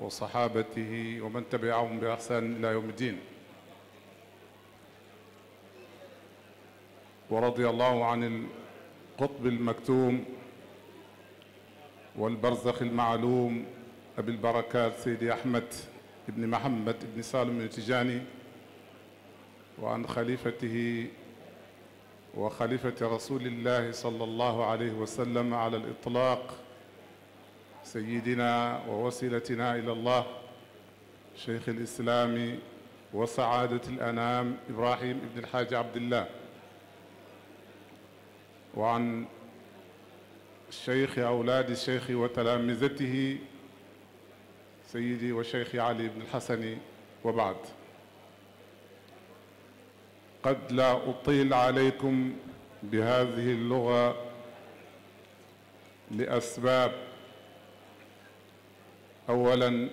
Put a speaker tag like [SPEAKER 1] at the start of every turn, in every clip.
[SPEAKER 1] wa saxaabatihi wa man tabi'ahum bi ixsaan ilaa yawmi diin wa radiyallaahu anil qutbil maktuum wal barzaxil ma'luum abil barakaat Seydi Ahmed ibni Mohamed ibni Saalim Tijaani wa an xalifatihi wa xalifati rasuulillaahi sallallaahu alayhi wa sallam alal itlaaq سيدنا ووسيلتنا إلى الله شيخ الإسلام وسعادة الأنام إبراهيم بن الحاج عبد الله وعن شيخ أولاد الشيخ وتلامذته سيدي وشيخ علي بن الحسن وبعد قد لا أطيل عليكم بهذه اللغة لأسباب أولا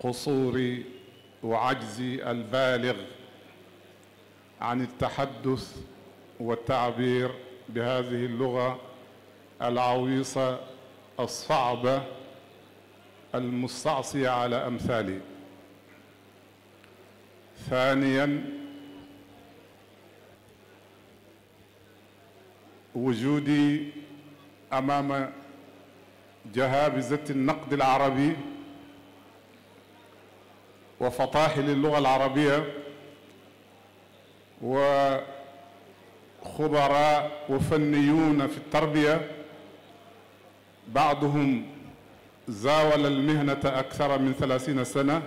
[SPEAKER 1] قصور وعجز البالغ عن التحدث والتعبير بهذه اللغة العويصة الصعبة المستعصية على أمثالي ثانيا وجودي أمام jahaabizati naqdi al-arabi wa fataahili al-lugha al-arabiyya wa xubaraa wa fanniyuuna fi tarbiya baaduhum zaawala al-mihnata akthara min thalaathiina sana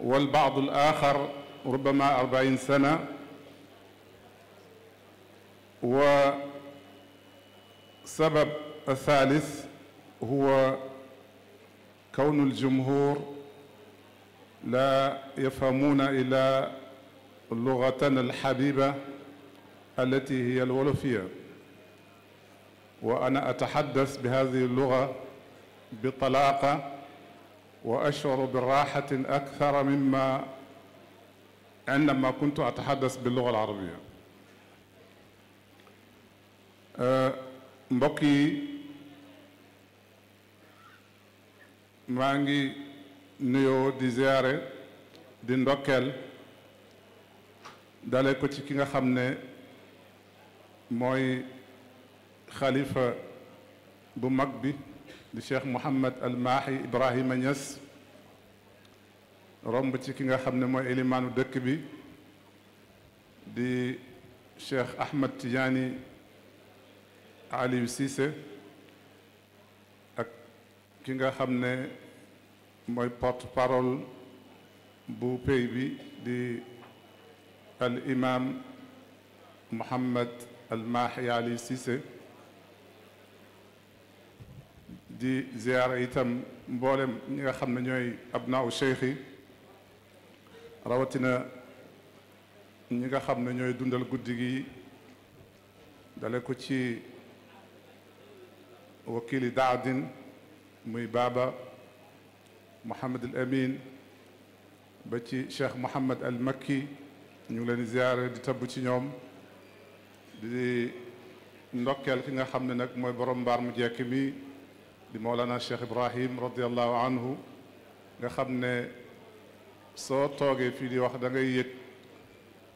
[SPEAKER 1] wal baadu al-aaxar rubbama arba'iina sana wa sabab الثالث هو كون الجمهور لا يفهمون إلا لغتنا الحبيبة التي هي الولوفية وأنا أتحدث بهذه اللغة بطلاقة وأشعر براحة أكثر مما عندما كنت أتحدث باللغة العربية mbokk yi maa ngi nuyoo di ziare di ndokkeel dale ko ci ki nga xam ne mooy xalifa bu mag bi di cheikh Mouhamed Al Mahi Ibrahima Niass romb ci ki nga xam ne mooy élimaanu dëkk bi di cheikh Ahmed Tidiane Aliou Cissé ki nga xam ne mooy port parole bu pay bi di al imam Mouhamed al Mahi Ali Cissé di ziyaara itam mboolem ñi nga xam ne ñooy abnaaw cheikh yi rawatina ñi nga xam ne ñooy dundal guddi gi dale ko ci wakili daadin muy baaba Mouhamad al Amin ba ci Cheikh Mouhamad al Makki ñu ngi leen di ziyaare di tabb ci ñoom di ndokkeel ki nga xam ne nag mooy borom mbaar mu jekk mi di Mawlana Cheikh Ibrahim radiallahu anhu nga xam ne soo toogee fii di wax da ngay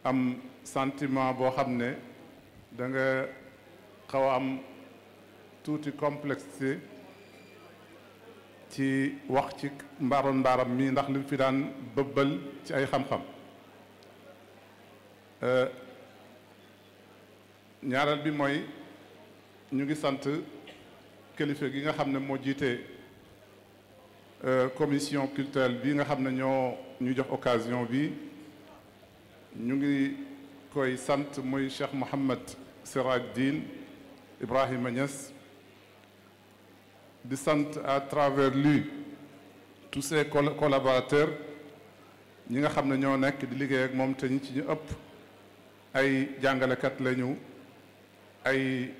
[SPEAKER 1] am sentiment boo xam ne da nga xaw a am tuuti complexité ci wax ci mbaaroon mbaaram mi ndax lim fi daan bëbbal ci ay xam-xam euh, ñaareel bi mooy ñu ngi sant kilifa gi nga xam ne moo jiite euh, commission culturelle bi nga xam ne ñoo ñu jox occasion bi ñu ngi koy sant muy Cheikh Mouhamad Siraj din Ibrahima Niass di sant à travers lui tous ses collaborateurs ñi nga xam ne ñoo nekk di liggéey ak moom te ñi ci ñu ëpp ay jàngalekat lañu ay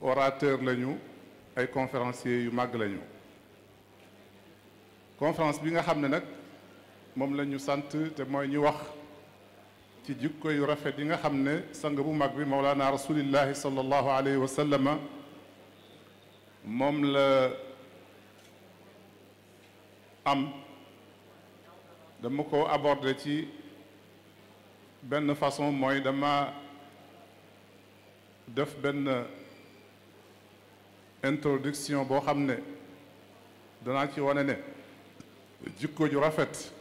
[SPEAKER 1] orateur lañu ay conférencier yu màgg lañu conférence bi nga xam ne nag moom la ñu sant te mooy ñu wax ci jikko yu rafet yi nga xam ne sang bu mag bi Mawlana rasulillahi sallallahu alayhi wa sallama moom la am dama ko aborder ci benn façon mooy dama def benn introduction boo xam ne danaa ci wane ne jikko ju rafet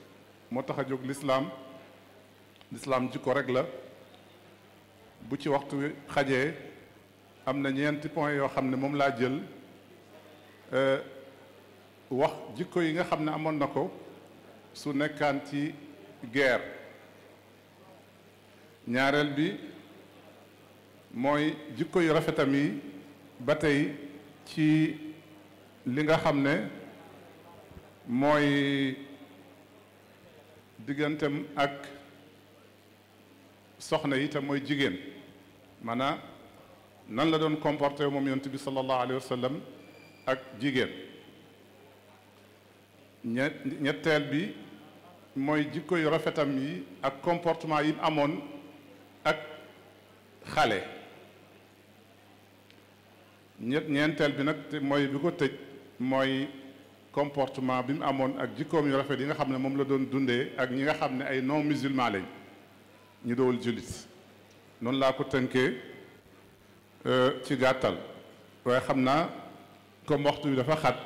[SPEAKER 1] moo tax a jóg lislaam lislaam jikko rek la bu ci waxtu xajee am na ñeenti point yoo xam ne moom laa jël Euh, wax jikko yi nga xam ne amoon na ko su nekkaan ci guerre ñaareel bi mooy jikko yu rafetam yi ba tey ci li nga xam ne mooy digganteem ak soxna yi te mooy jigéen maanaam nan la doon comporté moom yonent bi sallallahu alayhi wa ak jigéen ñetteel bi mooy jikko yu rafetam yi ak comportement yi amoon ak xale ñet ñeenteel bi nag te mooy bi ko tëj mooy comportement bi mu amoon ak jikkoom yu rafet yi nga xam ne moom la doon dundee ak ñi nga xam ne ay non musulman lañ ñu dowul jullit noonu laa ko tënkee euh, ci gàttal waaye xam naa comme waxtu wi dafa xat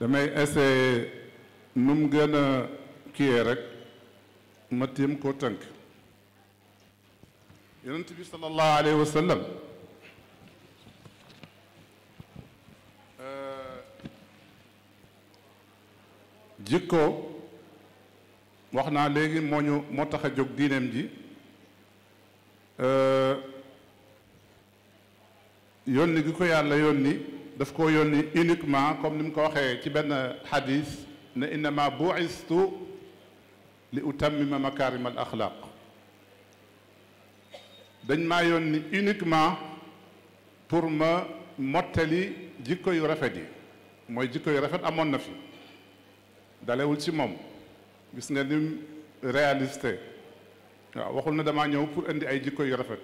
[SPEAKER 1] damay essayer nu mu gën a kiyee rek ma tiim koo tënk yonent bi sallallahu alayhi wa sallam euh, jikko wax naa léegi moo ñu moo tax a jóg diineem ji yoon euh, yónni gi ko yàlla yónni daf koo yónni uniquement comme ni mu ko waxee ci benn xadis ne innama bu'istu li utammima makarim al axlaq dañ maa ni uniquement pour ma mottali jikko yu rafet yi mooy jikko yu rafet amoon na fi dalewul ci moom gis nga nim réalisté waaw waxul na damaa ñëw pour indi ay jikko yu rafet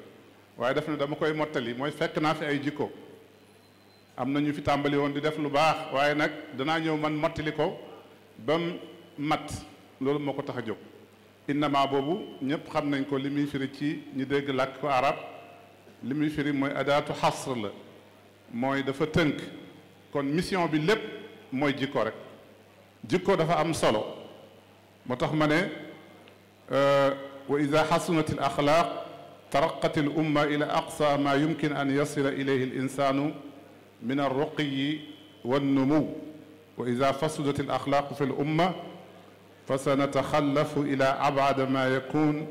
[SPEAKER 1] waaye def ne dama koy mottali mooy fekk naa fi ay jikko am na ñu fi tàmbali woon di def lu baax waaye nag danaa ñëw man mottali ko ba mu mat loolu moo ko tax a jóg innama boobu ñëpp xam nañ ko li muy firi ci ñu dégg làkk arab li muy firi mooy adaatu xasr la mooy dafa tënk kon mission bi lépp mooy jikko rek jikko dafa am solo moo tax ma ne euh, wa ida xasunat al axlaaq taraqat al umma ila aqsa ma yumkin an yasila ilayhi al insanu min alruqiyi wannumow wa ida fasadat alaxlaaqu fi lumma fa sanataxallafu ila abcada ma yakun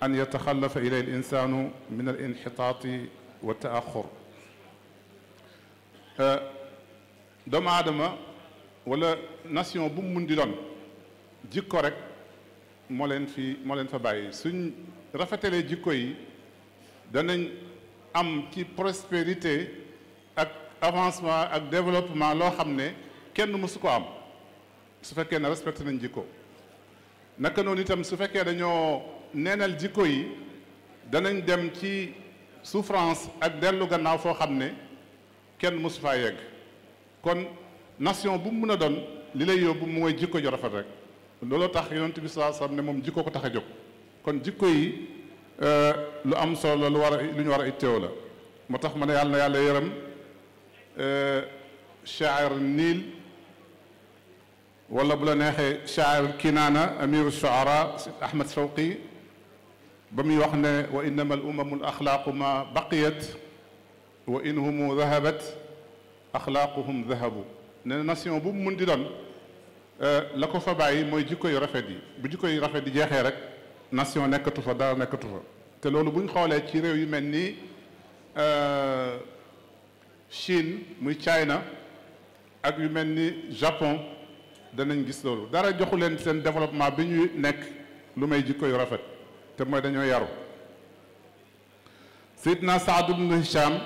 [SPEAKER 1] an yataxallafa ilay linsanu min alinxitaati wa taaxur euh, doomu aadama wala nation bu mu mun di doon jikko rek moo leen fi moo leen fa bàyyi suñ rafetalee jikko yi danañ am ci prospérité avancement ak développement loo xam ne kenn mosu ko am su fekkee ne respecté nañ jikko naka noonu itam su fekkee dañoo neenal jikko yi danañ dem ci souffrance ak dellu gannaaw foo xam ne kenn mësu faa yegg kon nation bu mu mun a doon li lay yóbbu mooy jikko ju rafet rek looloo tax yonent bi sallallahu alayhi wasallam ne moom jikkoo ko tax a jóg kon jikko yi euh, lu am solo lu war a lu ñu war a itteew la moo tax ma ne yàlla na yàlla yërëm chaar euh, niil wala bu la neexee chaar kinaana amiru shuara ahmad shawqi ba muy wax ne wa innama al umamu al axlaaqu ma baqiyat wa in humu dahabat axlaaquhum dahabu ne nation bu mu mun di doon euh, la ko fa bàyyi mooy jikko yu rafet yi bu jikko yu rafet yi jeexee rek nation nekkatu fa dara nekkatu fa te loolu buñ xoolee ci réew yu mel nii euh, Chine muy China ak yu mel ni Japon danañ gis loolu dara joxu leen seen développement bi ñuy nekk lu may jikko yu rafet te mooy dañoo yaru siit Saad ibn Hisham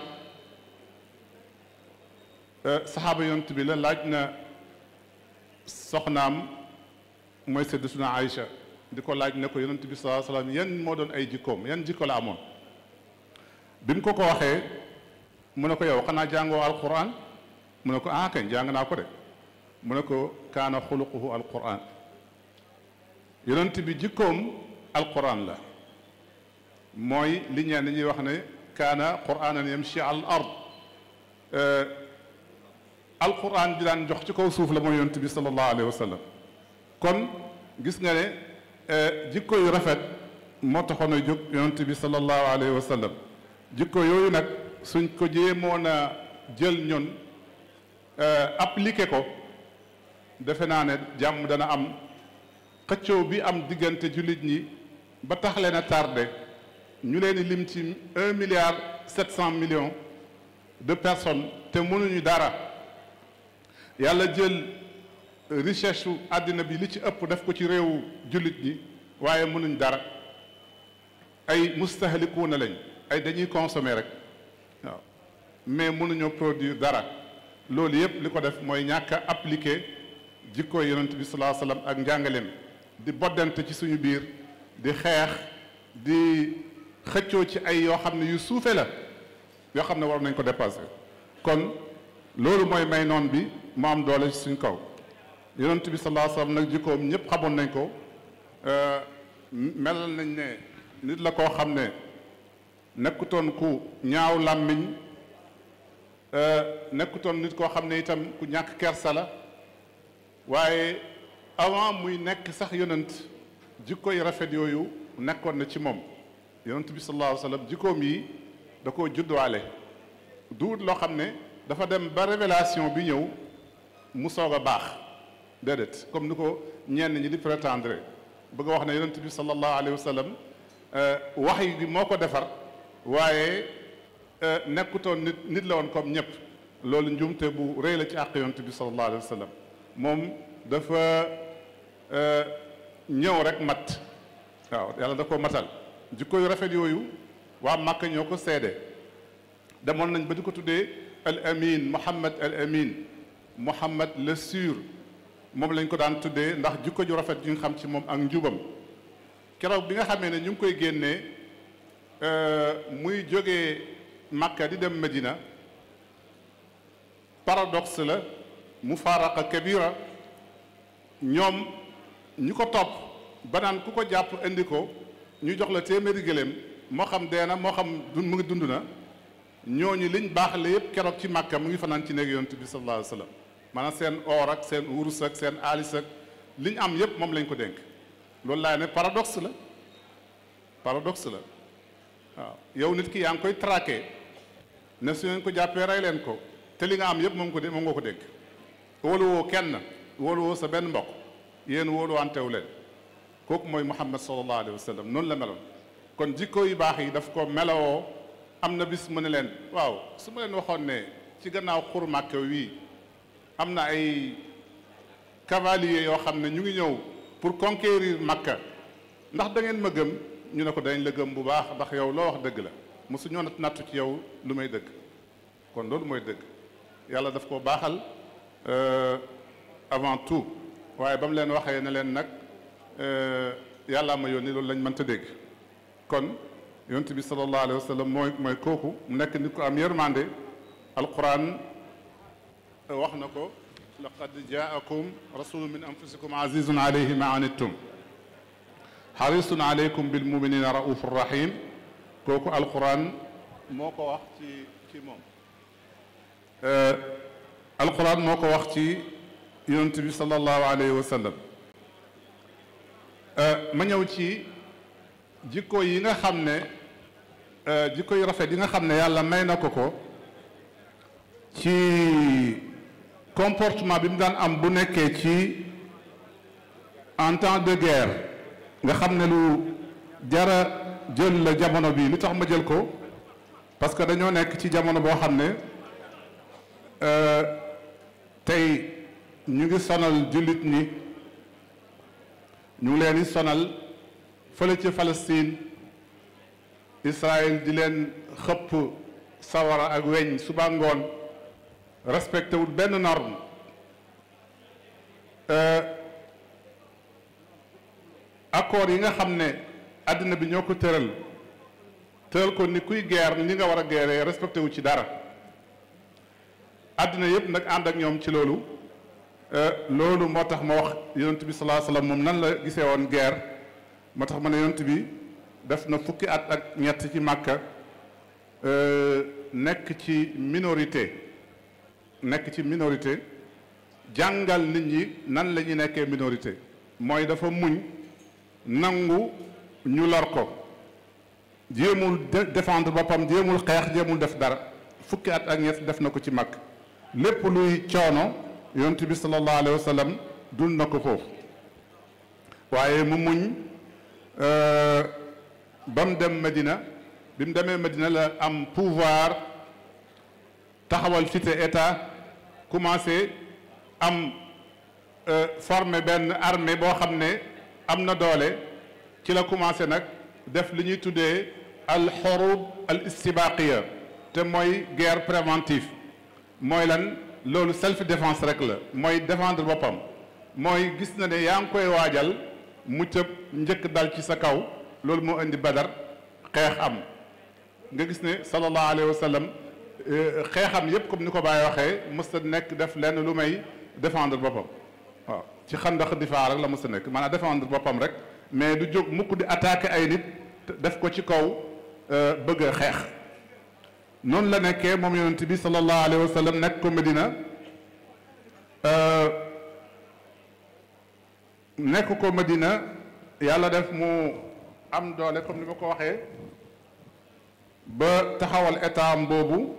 [SPEAKER 1] euh, saxaaba yont bi la laaj na soxnaam mooy Sayyidatuna Aïcha di ko laaj ne ko yonent bi sallallahu alayhi yan moo doon ay jikkoom yan jikko la amoon bi mu ko ko waxee mu ne ko yow xanaa jàngoo alquran mu ne ko ah kay jàng naa ko de mu ne ko kaana xuluquhu alquran yonent bi jikkoom alquran la mooy li ñeen ñuy wax ne kaana quranan yamshi al ard euh, alquran di daan jox ci kaw suuf la mooy yonent bi sallallahu alayhi wa sallam kon gis nga ne euh, jikko yu rafet moo taxoon a jóg yonent bi sallallahu alayhi wa yooyu nag suñ ko jéemoon a jël ñun euh, appliqué ko defe naa ne jàmm dana am xëccoo bi am diggante jullit ñi ba tax leen a tardé ñu leen di lim ci un milliard sept cent millions de personnes te mënuñu dara yàlla jël richesse su àddina bi li ci ëpp def ko ci réewu jullit ñi waaye mënuñ dara ay mustahlikuuna lañ ay dañuy consommer rek mais mënuñoo produire dara loolu yëpp li ko def mooy ñàkk a appliquer jikko yonent bi salaa salaam ak njàngaleem di boddante ci suñu biir di xeex di xëccoo ci ay yoo xam ne yu suufe la yoo xam ne war nañ ko dépasser kon loolu mooy may noon bi mu am doole ci suñ kaw yonent bi salaa salaam nag jikkoom ñëpp xamoon nañ ko euh, melal nañ ne nit la koo xam ne nekkutoon ku ñaaw làmmiñ Euh, nekkutoon nit koo xam ne itam ku ñàkk kersa la waaye avant muy nekk sax yonent jikko yi rafet yooyu nekkoon na ci moom yonent bi sallallahu alayhi wa sallam jikkoom yi da koo juddwaale duut loo xam ne dafa dem ba révélation bi ñëw mu soog a baax déedéet comme ni ko ñenn ñi di prétendre bëgg a wax na yonent bi sallallahu alayhi wa sallam euh, wax yi moo ko defar waaye Euh, nekkutoon nit nit la woon comme ñëpp loolu njuumte bu rëy la ci àq yonent bi sallallahu alayhi wa sallam moom dafa euh, ñëw rek mat waaw yàlla da ko matal jukko yu rafet yooyu waa màkk ñoo ko seede demoon nañ ba di ko tuddee al amin Muhammad al amin Muhammad le moom lañ ko daan tuddee ndax jukko ju rafet yu nga xam ci moom ak njuubam keroog bi nga xamee ne ñu ngi koy génnee euh, muy jógee makka di dem madina paradoxe la mufaaraqa kabira ñoom ñu ko topp banaan ku ko jàpp indi ko ñu jox la téeméeri gëléem moo xam dee na moo xam mu ngi dund na ñooñu liñ baax la yépp keroog ci màkka mu ngi fanaan ci néeg yonent bi sallallahu alayhi wa seen or ak seen wurus ak seen aalis ak liñ am yépp moom lañ ko dénk loolu laay ne paradoxe la paradoxe la waaw yow nit ki yaa ngi koy trake ne su ngeen ko jàppee rey leen ko te li nga am yëpp moom ko moom nga ko dégg wóoluwoo kenn wóoluwoo sa benn mbokk yéen wóoluwantewu leen kooku mooy muhammad sallallahu alayhi wa sallam noonu la meloon kon jikko yu baax yi daf ko meloo am na bis mu ne leen waaw su ma leen waxoon ne ci gannaaw xur Màkka wii am na ay cavalier yoo xam ne ñu ngi ñëw pour conquérir Màkka ndax da ngeen ma gëm ñu ne ko dañ la gëm bu baax ndax yow loo wax dëgg la mosu ñoo nattu ci yow lu may dëgg kon loolu mooy dëgg yàlla daf koo baaxal euh, avant tout waaye ba mu leen waxee ne leen nag euh, yàllaa ma yónni loolu lañ mënta dégg kon yoon tibi sallallahu alayhi wa sallam mooy mooy kooku mu nekk nit ko am yërmande alquran euh, wax na ko laqad jaakum rasulun min anfusikum azizun alayhi ma anittum xarisun alaykum bilmuminina raufur rahim kooku alquran moo ko wax ci ci moom euh, alquran moo ko wax ci yonent bi sallallahu alayhi wa euh, ma ñëw ci jikko yi nga xam ne euh, jikko yu rafet yi nga xam ne yàlla may na ko ko ci comportement bi mu daan am bu nekkee ci en temps de guerre nga xam ne lu jara jël la jamono bi lu tax ma jël ko parce que dañoo nekk ci jamono boo xam ne euh, tey ñu ngi sonal jullit ñi ñu ngi leen di sonal fële ci Palestine Israël di leen xëpp sawara ak weñ suba ngoon respecté wul benn norme euh, accord yi nga xam ne àddina bi ñoo ko tëral tëral ko ni kuy geer ni nga war a geeree respecté wu ci dara àddina yëpp nag ànd ak ñoom ci loolu euh, loolu moo tax ma wax yonent bi salaa salaam moom nan la gisee woon geer moo tax ma ne yonent bi def na fukki at ak ñett ci màkka euh, nekk ci minorité nekk ci minorité jàngal nit ñi nan lañuy ñuy nekkee minorité mooy dafa muñ nangu ñu lor ko jéemul défendre boppam jéemul xeex jéemul def dara fukki at ak ñett def na ko ci mag lépp luy coono yonent bi sallallahu alayhi wa sallam dund na ko foofu waaye mu muñ euh, ba mu dem madina bi mu demee Medina la am pouvoir taxawal cité état commencé am euh, former benn armée boo xam ne am na doole ci la commencé nag def li ñuy tuddee al xorub al istibaqiya te mooy guerre préventive mooy lan loolu self defence rek la mooy défendre boppam mooy gis na ne yaa ngi koy waajal mu cëb njëkk dal ci sa kaw loolu moo indi badar xeex am nga gis ne sallallahu alayhi wa sallam euh, xeexam yépp comme ni ko Baye waxee mës a nekk def lenn lu may défendre boppam waaw ci xandax faa rek la mës a nekk maanaam défendre boppam rek mais du jóg mukk di attaquer ay nit def ko ci kaw euh, bëgg a xeex noonu la nekkee moom yonent bi sallallahu alayhi wa sallam nekk ko Medina euh, nekk ko Medina yàlla def mu am doole comme ni ma ko waxee ba taxawal état am boobu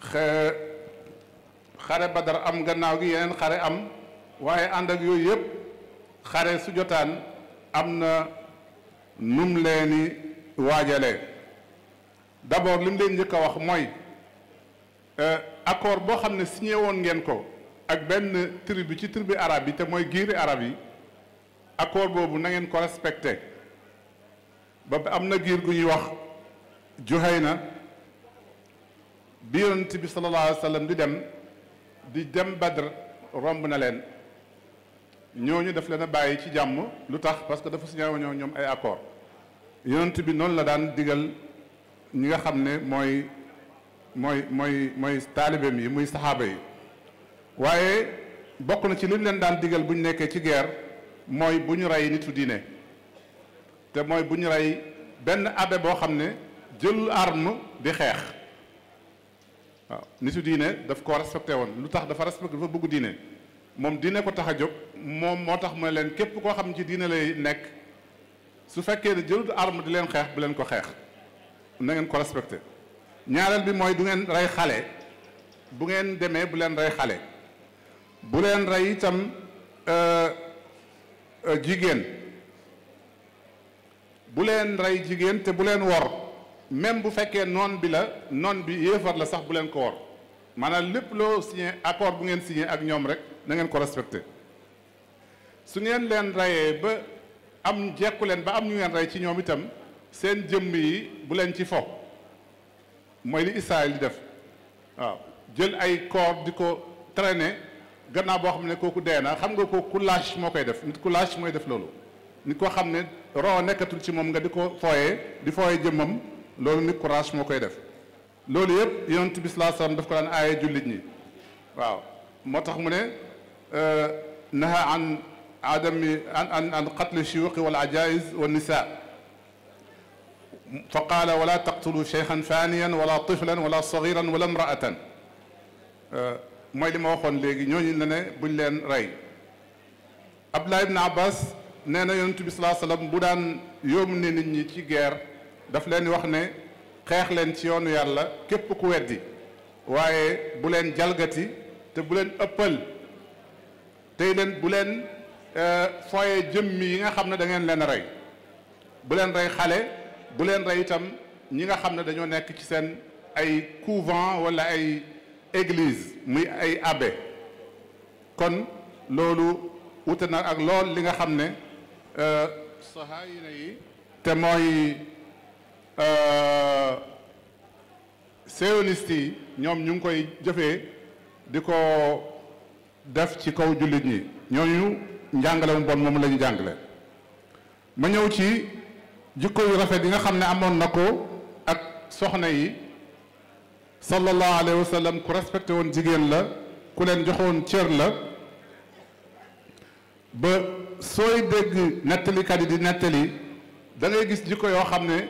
[SPEAKER 1] xare Badar am gannaaw gi yeneen xare am waaye ànd ak yooyu yëpp xare su jotaan am na num leeni waajalee d'abord li mu leen njëkk a wax mooy euh, accord boo xam ne signé woon ngeen ko ak benn tribu ci tribu arab yi te mooy giiri arab yi accord boobu nangeen ko respecté ba am na giir gu ñuy wax Juhayna na yonent bi sallallahu alayhi wa sallam di dem di dem Badr romb na leen ñooñu daf leen a bàyyi ci jàmm lu tax parce que dafa signé woon ñoom ay accord yonent bi noonu la daan digal ñi nga xam ne mooy mooy mooy mooy taalibeem yi muy saxaaba yi waaye bokk na ci lim leen daan digal bu ñu nekkee ci guerre mooy bu ñu rey nitu diine te mooy bu ñu rey benn abbé boo xam ne jël arme di xeex waaw nitu diine daf ko respecté woon lu tax dafa respecté dafa bëgg diine moom diine ko tax a jóg moom moo tax mu ne leen képp koo xam ci diine lay nekk su fekkee ne jëlut arme di leen xeex bu leen ko xeex na ko respecté ñaareel bi mooy du ngeen rey xale bu ngeen demee bu leen rey xale bu leen rey itam euh, euh, jigéen bu leen rey jigéen te bu leen wor même bu fekkee noon bi la noon bi yéefar la sax bu leen ko wor maanaam lépp loo signé accord bu ngeen signé ak ñoom rek nangeen ko respecté su ngeen leen rayee ba am jekku leen ba am ñu ngeen rey ci ñoom itam seen jëm yi bu leen ci fo mooy li Israël di def waaw jël ay corps di ko traîner gannaaw boo xam ne kooku dee na xam nga ko ku lâche moo koy def nit ku lâche mooy def loolu nit koo xam ne roo nekkatul ci moom nga di ko fooyee di fooyee jëmmam loolu nit ku lâche moo koy def loolu yëpp yonent bi sallallahu alayhi wasallam daf ko daan aaye jullit ñi waaw moo tax mu ne naha an adami an an qatli shuyuuqi wal ajaa'iz wan nisaa fa qaala wala taqtulu shaykhan faaniyan wala tiflan wala sagiran wala mooy li ma waxoon léegi ñooñu ne ne buñ leen rey Abdullah ibn Abbas nee na yonent bi salaa salaam bu daan yóbbu nit ñi ci ger daf leen di wax ne xeex leen ci yoonu yàlla képp ku weddi waaye bu leen jalgati te bu leen ëppal tey leen bu leen euh, foye jëmmi yi nga xam ne da ngeen leen rey bu leen rey xale bu leen rey itam ñi nga xam ne dañoo nekk ci seen ay couvent wala ay église muy ay abbé kon loolu wute na ak lool li nga xam ne euh, sahaayina yi te mooy euh, sioniste yi ñoom ñu ngi koy jëfee di ko def ci kaw jullit ñi ñooñu njàngale mu bon moom la ñu ma ñëw ci jikko yu rafet yi nga xam ne amoon na ko ak soxna yi sallallahu alayhi wa sallam ku respecté woon jigéen la ku leen joxoon cër la ba sooy dégg nettalikat yi di nettali da gis jikko yoo xam ne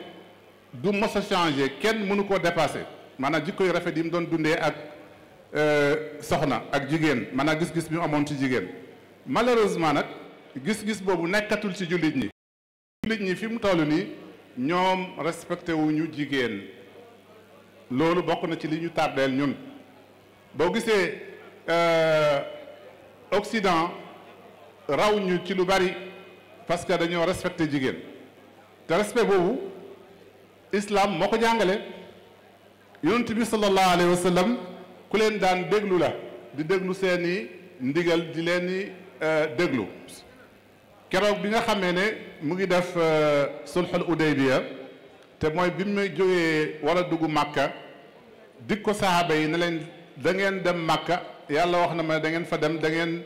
[SPEAKER 1] du masa a kenn mënu koo dépassé maanaam jikko yu rafet yi mu doon dundee ak Euh, soxna ak jigéen maanaam gis-gis ñu amoon ci jigéen malheureusement nag gis-gis boobu nekkatul ci jullit ñi jullit ñi fi mu toll nii ñoom respecté wuñu jigéen loolu bokk na ci li ñu tardeel ñun boo gisee euh, Occident raw ñu ci lu bari parce que dañoo respecté jigéen te respect boobu islaam moo ko jàngale yonent bi sallallahu alayhi wa ku leen daan déglu la di déglu seeni ndigal di leen di euh, déglu keroog bi nga xamee ne mu ngi def euh, sulxul udaybiya te mooy bi mu jógee wala dugg màkka dik ko saaba yi na leen da ngeen dem màkka yàlla wax na ma da ngeen fa dem da ngeen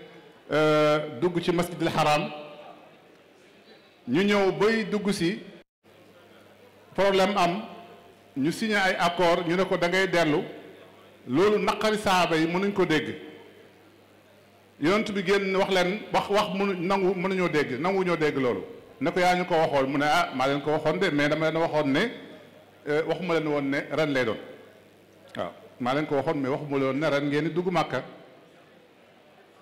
[SPEAKER 1] euh, dugg ci masjidil haram ñu ñëw bay dugg si problème am ñu signé ay accord ñu ne ko da ngay dellu loolu naqari saaba yi mënuñ ko dégg yonent bi génn wax leen wax wax mënu nangu mënuñoo dégg nangu ñoo dégg loolu ne yaa ñu ko waxoon mu ne ah maa leen ko waxoon de mais dama leen waxoon ne eh, waxuma leen woon ne ren lay doon maa leen ko waxoon mais waxuma leen woon ne ren ngeen di dugg màkka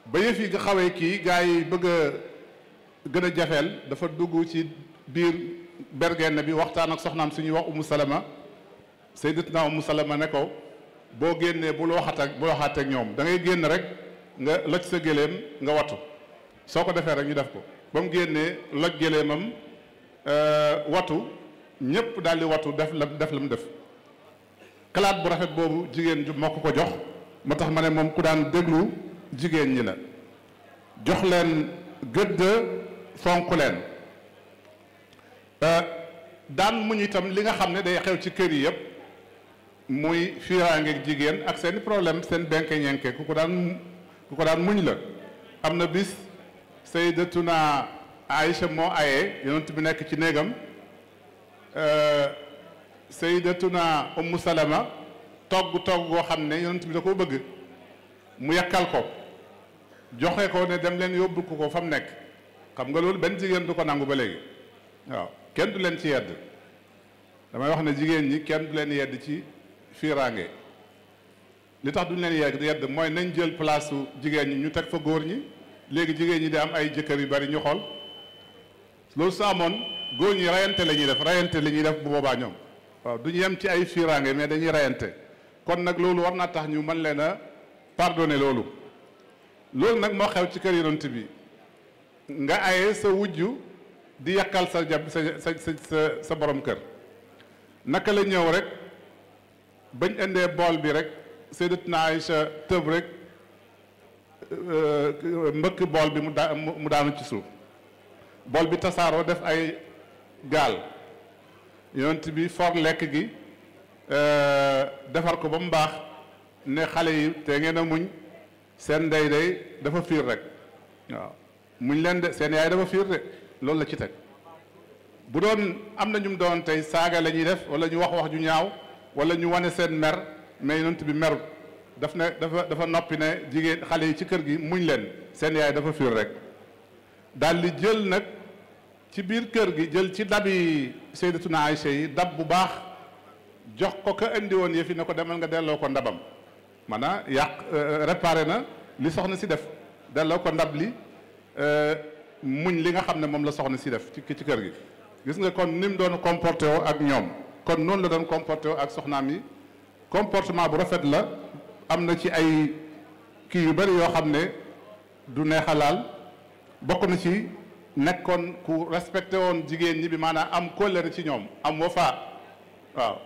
[SPEAKER 1] ba yëf yi nga xawee kii gars yi bëgg gën a jafeel dafa dugg ci biir bergenne bi waxtaan ak soxnaan soxnaam ñuy wax umu salama sayyidatna umu salama ne ko boo génnee bul waxat ak bul waxaat ak ñoom dangay génn rek nga loj sa géléem nga wattu soo ko defee rek ñu def ko ba mu génnee loj géléemam euh, wattu ñëpp daal di wattu def la def la mu def xalaat bu rafet boobu jigéen ju moo ko jox moo tax ma ne moom ku daan déglu jigéen ñi la jox leen gëdd fonk leen euh, daan muñ itam li nga xam ne day xew ci kër yi yëpp muy fiiraangeeg jigéen ak seeni problème seen benke ñenke ku ko daan ku ko daan muñ la am na bis sayyidatuna Aïcha moo ayee yonent bi nekk ci néegam euh, sayyidatuna Ummu Salama togg togg goo xam ne yonent bi da koo bëgg mu yakkal ko joxe ko ne dem leen yóbbu ko ko fa mu nekk xam nga loolu benn jigéen du ko nangu ba léegi waaw kenn du leen ci yedd damay wax ne jigéen ñi kenn du leen yedd ci fiiraange li tax duñ leen yedd yedd mooy nañ jël place su jigéen ñi ñu teg fa góor ñi léegi jigéen ñi di am ay jëkkër yu bari ñu xool loolu su amoon góor ñi rayante la ñuy def rayante la ñuy def bu boobaa ñoom waaw duñu yem ci ay fiiraange mais dañuy reyante kon nag loolu war naa tax ñu mën leen a pardonner loolu loolu nag moo xew ci kër yonent bi nga aye sa wujj di yàqal sa jab sa sa sa sa boroom kër naka la ñëw rek bañ indee bool bi rek Sayyidatuna Aïcha tëb rek euh, mbëkk bool bi mu daa mu daanu ci suuf bool bi tasaaroo def ay gaal yonent bi for lekk gi euh, defar ko ba mu baax ne xale yi te ngeen a muñ seen ndey day dafa fiir rek waaw muñ leen de seen yaay dafa fiir de loolu la ci teg bu doon am na ñu doon tey saaga la ñuy def wala ñu wax wax ju ñaaw wala ñu wane seen mer mais yonent bi merut daf ne dafa dafa noppi ne jigéen xale yi ci kër gi muñ leen seen yaay dafa fiir rek daal di jël nag ci biir kër gi jël ci dabi Sayyidatuna Aïcha yi dab bu baax jox ko ka indi woon yëfi ne ko demal nga delloo ko ndabam maanaam yàq euh, euh, réparé na li soxna si def delloo ko ndab li euh, muñ li nga xam ne moom la soxna si def ci ci kër gi gis nga kon ni mu doon comporté woo ak ñoom kon noonu la doon comporté ak soxnaam yi comportement bu rafet la am na ci ay kii yu bëri yoo xam ne du neex a laal bokk na ci nekkoon ku respecté woon jigéen ñi bi maanaam am kóllëre ci ñoom am wafa waaw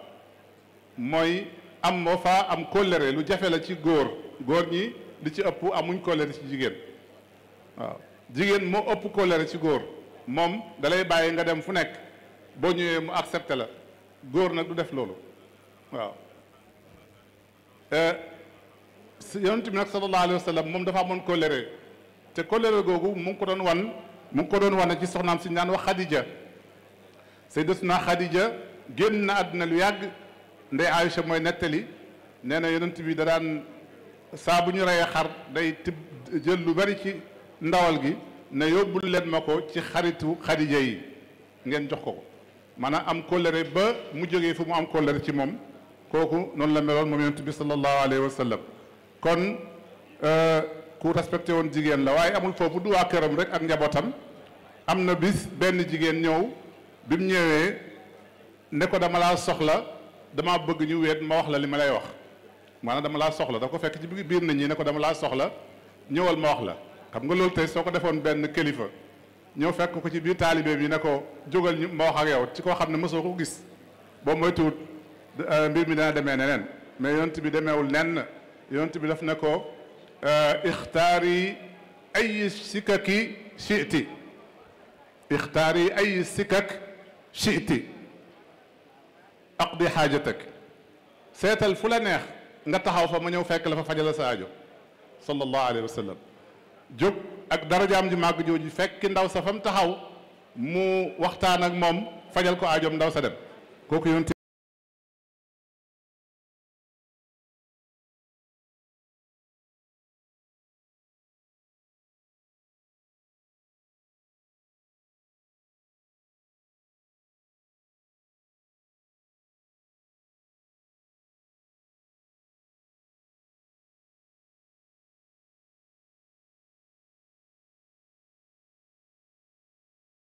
[SPEAKER 1] mooy am wafa am kóllëre lu jafe la ci góor góor ñi li ci ëpp amuñ kóllëre ci jigéen waaw jigéen moo ëpp kóllëre ci góor moom dalay bàyyi nga dem fu nekk boo ñëwee mu accepté la góor nag du def loolu waaw eh, yonent bi nag sallallahu alayhi wa sallam moom dafa amoon kóllëre te kóllëre googu mu ngi ko doon wan mu ngi ko doon wane ci soxnaam si naan wax Xadija sayyidatuna Xadija génn na àdduna lu yàgg ndey Aïcha mooy nettali nee na yonent bi da daan saa bu ñu reyee xar day tib jël lu bari ci ndawal gi ne yóbbul leen ma ko ci xaritu Xadija yi ngeen jox ko ko maanaam am kóllëre ba mu jógee fu mu am kóllëre ci moom kooku noonu la meloon moom yonent bi sallallahu alayhi wa sallam kon euh, ku respecté woon jigéen la waaye amul foofu du waa këram rek ak njabootam am na bis benn jigéen ñëw bi mu ñëwee ne ko dama laa soxla dama bëgg ñu weet wax la li ma lay wax maanaam dama laa soxla da ko fekk ci biir nit ñi ne ko dama laa soxla ñëwal ma wax la xam nga loolu tey soo ko defoon benn kilifa ñëw fekk ko ci biir taalibe bi na ko jógal ñu ma wax ak yow ci koo xam ne mosoo ko gis boo moytuwut euh, mbir mi dana demee neneen mais yonent bi demeewul nenn yonent bi daf ne ko euh, ixtaari ay sikaki chiti ixtaari ay sikak chiti aqdi xaajatak seetal fu la neex nga taxaw fa ma ñëw fekk la fa fajala saajo sallallahu alayhi ak darajaam ji màgg jooju fekki ndaw sa fam taxaw mu waxtaan ak moom fajal ko aajoom ndaw sa dem kooku yonent